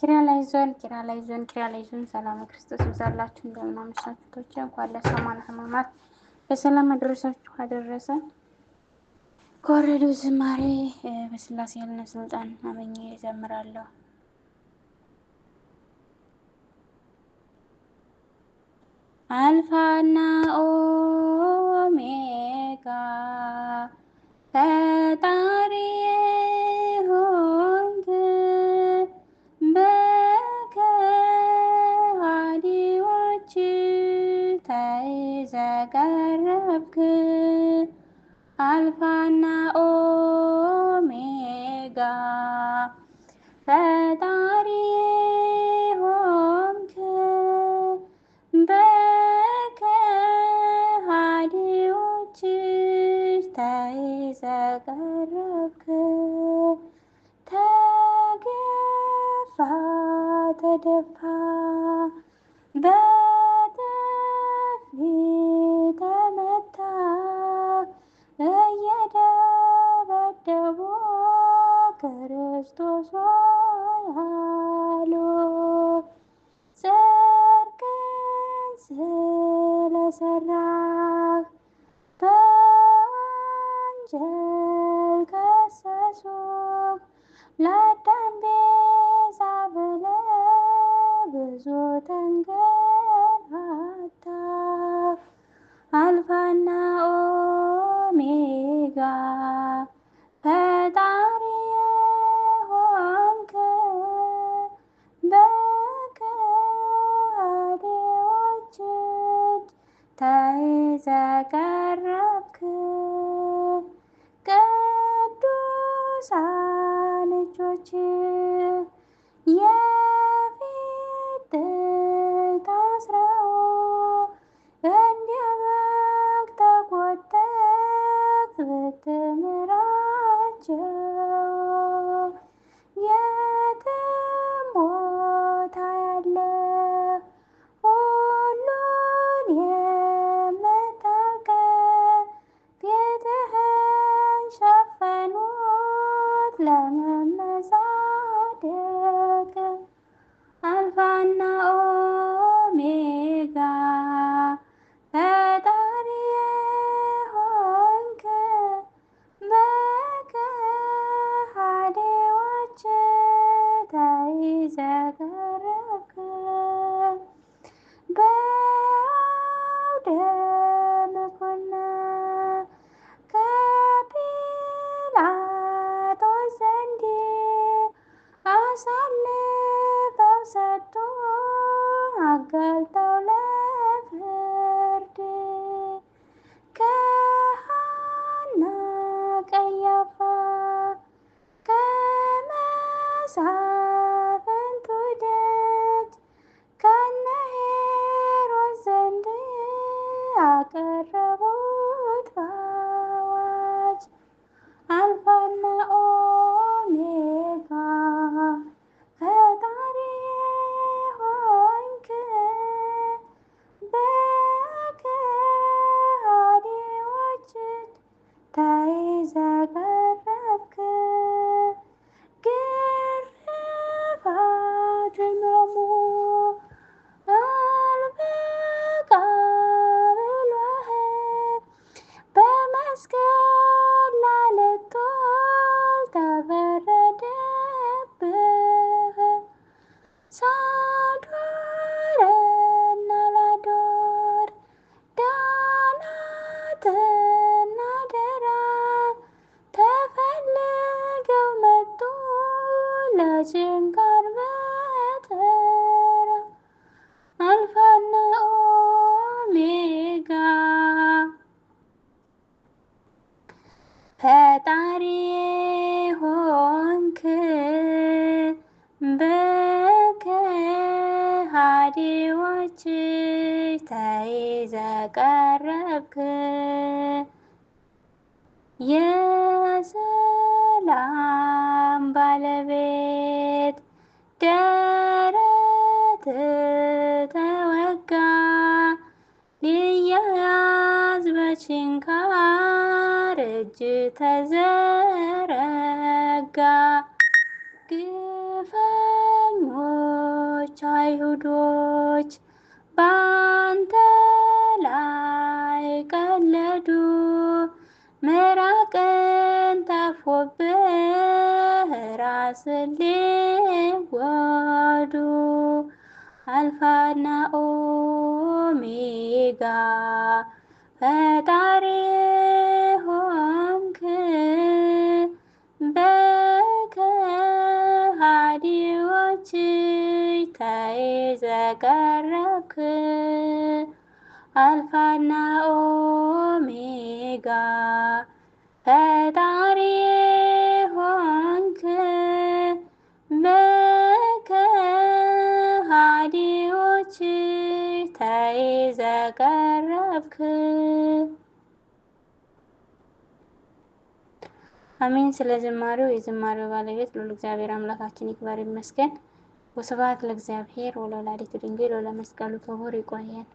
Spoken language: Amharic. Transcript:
ኪራ ላይ ዞን ኪራ ላይ ዞን ኪራ ላይ ዞን ሰላም ክርስቶስ ይብዛላችሁ። እንደምን አመሻችሁ ቶቼ። እንኳን ለሰማን ሕማማት በሰላም አደረሳችሁ አደረሰ። ከወረደው ዝማሬ በስላሴ ያልነ ስልጣን አመኘ ይዘምራለሁ አልፋና ኦሜጋ ዘቀረብክ አልፋና ኦሜጋ ፈጣሪ ሆንክ በከሃዲዎች ተይዘቀረብክ ተገፋ ተደፋ ክርስቶስ አሉ ጽድቅን ስለሰራ በወንጀል ከሰሱ ለደንቤዛ ብለው ብዙ ተቀረብክ ቅዱሳን እጆች Magalda. ፈጣሪ ሆንክ በከሃዲዎች ተይዘ ቀረብክ የሰላም ባለቤት ደረት ተወጋ ሊያዝ በችንካ እጅ ተዘረጋ። ግፈኞች አይሁዶች ባንተ ላይ ቀለዱ፣ ምራቅን ተፉብህ፣ ራስን ሊወዱ አልፋና ኦሜጋ ፈጣሪ ጌታዬ አልፋና ኦሜጋ ፈጣሪ ሆንክ በከሃዲዎች ታይ ዘጋረብክ። ስለ ዝማሬው የዝማሬው ባለቤት ሉል እግዚአብሔር አምላካችን ይክበር ይመስገን። ወስብሐት ለእግዚአብሔር ወለወላዲቱ ድንግል ወለመስቀሉ ክቡር። ይቆያል።